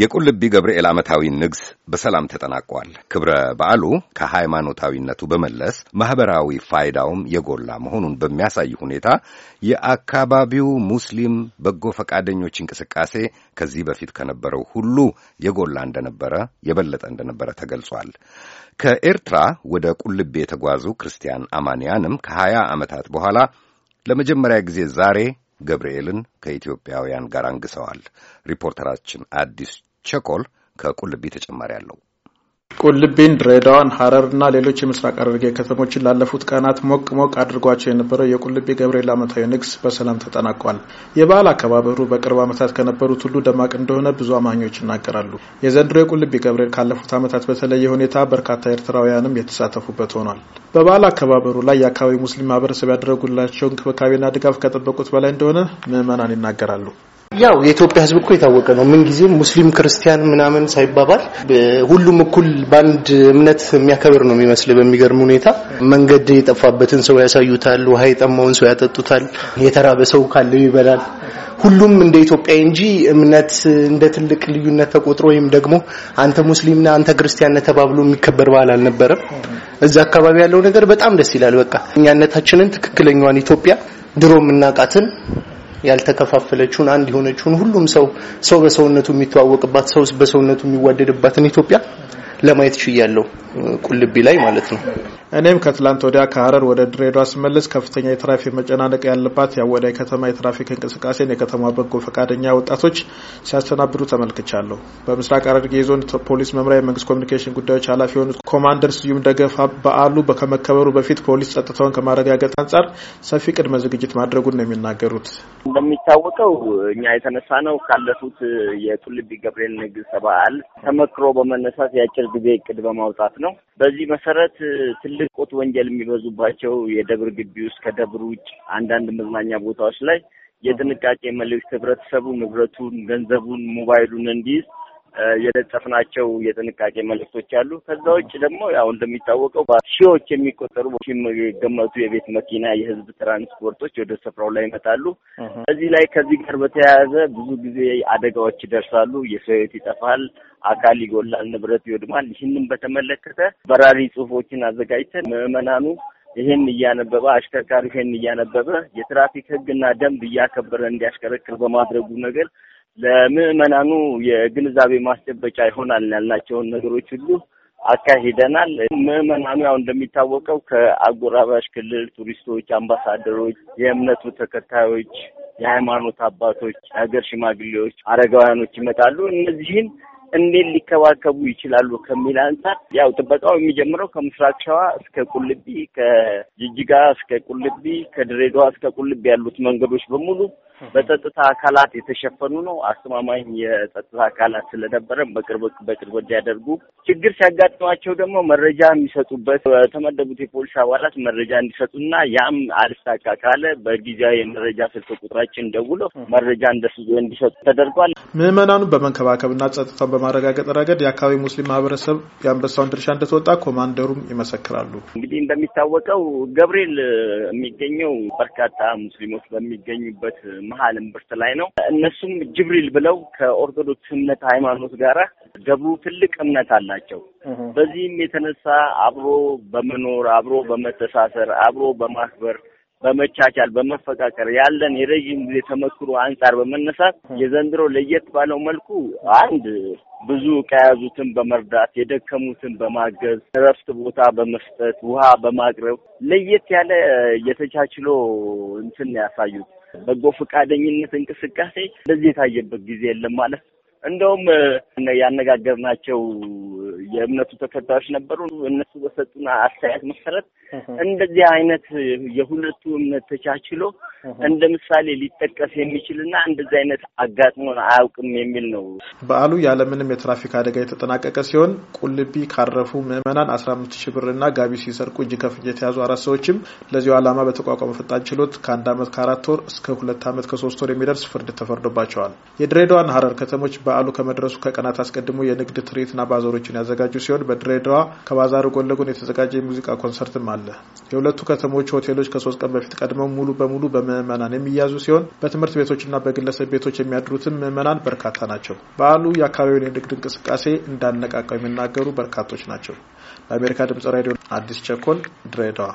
የቁልቢ ገብርኤል ዓመታዊ ንግስ በሰላም ተጠናቋል። ክብረ በዓሉ ከሃይማኖታዊነቱ በመለስ ማኅበራዊ ፋይዳውም የጎላ መሆኑን በሚያሳይ ሁኔታ የአካባቢው ሙስሊም በጎ ፈቃደኞች እንቅስቃሴ ከዚህ በፊት ከነበረው ሁሉ የጎላ እንደነበረ የበለጠ እንደነበረ ተገልጿል። ከኤርትራ ወደ ቁልቢ የተጓዙ ክርስቲያን አማንያንም ከሀያ ዓመታት በኋላ ለመጀመሪያ ጊዜ ዛሬ ገብርኤልን ከኢትዮጵያውያን ጋር አንግሰዋል። ሪፖርተራችን አዲስ ቸኮል ከቁልቢ ተጨማሪ አለው። ቁልቢን፣ ድሬዳዋን፣ ሀረርና ሌሎች የምስራቅ ሐረርጌ ከተሞችን ላለፉት ቀናት ሞቅ ሞቅ አድርጓቸው የነበረው የቁልቢ ገብርኤል ዓመታዊ ንግስ በሰላም ተጠናቋል። የበዓል አከባበሩ በቅርብ ዓመታት ከነበሩት ሁሉ ደማቅ እንደሆነ ብዙ አማኞች ይናገራሉ። የዘንድሮ የቁልቢ ገብርኤል ካለፉት ዓመታት በተለየ ሁኔታ በርካታ ኤርትራውያንም የተሳተፉበት ሆኗል። በበዓል አከባበሩ ላይ የአካባቢው ሙስሊም ማህበረሰብ ያደረጉላቸው እንክብካቤና ድጋፍ ከጠበቁት በላይ እንደሆነ ምዕመናን ይናገራሉ። ያው የኢትዮጵያ ሕዝብ እኮ የታወቀ ነው። ምን ጊዜ ሙስሊም ክርስቲያን ምናምን ሳይባባል ሁሉም እኩል በአንድ እምነት የሚያከብር ነው የሚመስል በሚገርም ሁኔታ መንገድ የጠፋበትን ሰው ያሳዩታል። ውሃ የጠማውን ሰው ያጠጡታል። የተራበ ሰው ካለው ይበላል። ሁሉም እንደ ኢትዮጵያ እንጂ እምነት እንደ ትልቅ ልዩነት ተቆጥሮ ወይም ደግሞ አንተ ሙስሊም አንተ ክርስቲያን ነህ ተባብሎ የሚከበር ባህል አልነበረም። እዛ አካባቢ ያለው ነገር በጣም ደስ ይላል። በቃ እኛነታችንን ትክክለኛዋን ኢትዮጵያ ድሮ የምናውቃትን ያልተከፋፈለችውን አንድ የሆነችውን ሁሉም ሰው ሰው በሰውነቱ የሚተዋወቅባት ሰው በሰውነቱ የሚዋደድባትን ኢትዮጵያ ለማየት ችያለሁ፣ ቁልቢ ላይ ማለት ነው። እኔም ከትላንት ወዲያ ከሀረር ወደ ድሬዳዋ ስመለስ ከፍተኛ የትራፊክ መጨናነቅ ያለባት የአወዳይ ከተማ የትራፊክ እንቅስቃሴን የከተማ በጎ ፈቃደኛ ወጣቶች ሲያስተናብዱ ተመልክቻለሁ። በምስራቅ ሐረርጌ ዞን ፖሊስ መምሪያ የመንግስት ኮሚኒኬሽን ጉዳዮች ኃላፊ የሆኑት ኮማንደር ስዩም ደገፋ በዓሉ ከመከበሩ በፊት ፖሊስ ጸጥታውን ከማረጋገጥ አንጻር ሰፊ ቅድመ ዝግጅት ማድረጉን ነው የሚናገሩት። እንደሚታወቀው እኛ የተነሳ ነው ካለፉት የቁልቢ ገብርኤል ንግሥ በዓል ተመክሮ በመነሳት አጭር ጊዜ እቅድ በማውጣት ነው። በዚህ መሰረት ትልቅ ቁት ወንጀል የሚበዙባቸው የደብር ግቢ ውስጥ ከደብር ውጭ አንዳንድ መዝናኛ ቦታዎች ላይ የጥንቃቄ መልእክት ህብረተሰቡ ንብረቱን፣ ገንዘቡን፣ ሞባይሉን እንዲይዝ የለጠፍናቸው የጥንቃቄ መልእክቶች አሉ። ከዛ ውጭ ደግሞ ያው እንደሚታወቀው ሺዎች የሚቆጠሩ የሚገመቱ የቤት መኪና፣ የህዝብ ትራንስፖርቶች ወደ ስፍራው ላይ ይመጣሉ። እዚህ ላይ ከዚህ ጋር በተያያዘ ብዙ ጊዜ አደጋዎች ይደርሳሉ። የሰው ህይወት ይጠፋል፣ አካል ይጎላል፣ ንብረት ይወድማል። ይህንን በተመለከተ በራሪ ጽሁፎችን አዘጋጅተን ምዕመናኑ ይህን እያነበበ አሽከርካሪ ይህን እያነበበ የትራፊክ ህግና ደንብ እያከበረ እንዲያሽከረክር በማድረጉ ነገር ለምዕመናኑ የግንዛቤ ማስጨበጫ ይሆናል ያልናቸውን ነገሮች ሁሉ አካሂደናል። ምዕመናኑ ያው እንደሚታወቀው ከአጎራባሽ ክልል ቱሪስቶች፣ አምባሳደሮች፣ የእምነቱ ተከታዮች፣ የሃይማኖት አባቶች፣ የሀገር ሽማግሌዎች፣ አረጋውያኖች ይመጣሉ። እነዚህን እንዴት ሊከባከቡ ይችላሉ ከሚል አንጻር ያው ጥበቃው የሚጀምረው ከምስራቅ ሸዋ እስከ ቁልቢ፣ ከጅጅጋ እስከ ቁልቢ፣ ከድሬዳዋ እስከ ቁልቢ ያሉት መንገዶች በሙሉ በጸጥታ አካላት የተሸፈኑ ነው። አስተማማኝ የጸጥታ አካላት ስለነበረ በቅርብ በቅርብ እንዲያደርጉ ችግር ሲያጋጥማቸው ደግሞ መረጃ የሚሰጡበት በተመደቡት የፖሊስ አባላት መረጃ እንዲሰጡና ያም አልሳካ ካለ በጊዜያዊ የመረጃ ስልክ ቁጥራችን ደውሎ መረጃ እንዲሰጡ ተደርጓል። ምዕመናኑን በመንከባከብና ጸጥታ በማረጋገጥ ረገድ የአካባቢ ሙስሊም ማህበረሰብ የአንበሳውን ድርሻ እንደተወጣ ኮማንደሩም ይመሰክራሉ። እንግዲህ እንደሚታወቀው ገብርኤል የሚገኘው በርካታ ሙስሊሞች በሚገኙበት መሀል እምብርት ላይ ነው። እነሱም ጅብሪል ብለው ከኦርቶዶክስ እምነት ሃይማኖት ጋር ገብሩ ትልቅ እምነት አላቸው። በዚህም የተነሳ አብሮ በመኖር አብሮ በመተሳሰር አብሮ በማክበር በመቻቻል በመፈቃቀር ያለን የረዥም ጊዜ ተመክሮ አንጻር በመነሳት የዘንድሮ ለየት ባለው መልኩ አንድ ብዙ ከያዙትን በመርዳት የደከሙትን በማገዝ እረፍት ቦታ በመስጠት ውሃ በማቅረብ ለየት ያለ የተቻችሎ እንትን ያሳዩት በጎ ፈቃደኝነት እንቅስቃሴ እንደዚህ የታየበት ጊዜ የለም ማለት እንደውም ያነጋገርናቸው የእምነቱ ተከታዮች ነበሩ። እነሱ በሰጡን አስተያየት መሰረት እንደዚህ አይነት የሁለቱ እምነት ተቻችሎ እንደ ምሳሌ ሊጠቀስ የሚችልና እንደዚህ አይነት አጋጥሞን አያውቅም የሚል ነው። በዓሉ ያለምንም የትራፊክ አደጋ የተጠናቀቀ ሲሆን ቁልቢ ካረፉ ምዕመናን አስራ አምስት ሺ ብርና ጋቢ ሲሰርቁ እጅ ከፍንጅ የተያዙ አራት ሰዎችም ለዚሁ ዓላማ በተቋቋመ ፈጣን ችሎት ከአንድ ዓመት ከአራት ወር እስከ ሁለት ዓመት ከሶስት ወር የሚደርስ ፍርድ ተፈርዶባቸዋል። የድሬዳዋና ሀረር ከተሞች በዓሉ ከመድረሱ ከቀናት አስቀድሞ የንግድ ትርኢትና ባዛሮችን ያዘጋጁ ሲሆን በድሬዳዋ ከባዛሩ ጎን ለጎን የተዘጋጀ የሙዚቃ ኮንሰርትም አለ። የሁለቱ ከተሞች ሆቴሎች ከሶስት ቀን በፊት ቀድመው ሙሉ በሙሉ በ ምዕመናን የሚያዙ ሲሆን በትምህርት ቤቶችና በግለሰብ ቤቶች የሚያድሩትም ምዕመናን በርካታ ናቸው። በዓሉ የአካባቢውን የንግድ እንቅስቃሴ እንዳነቃቃ የሚናገሩ በርካቶች ናቸው። ለአሜሪካ ድምጽ ሬዲዮ አዲስ ቸኮል ድሬዳዋ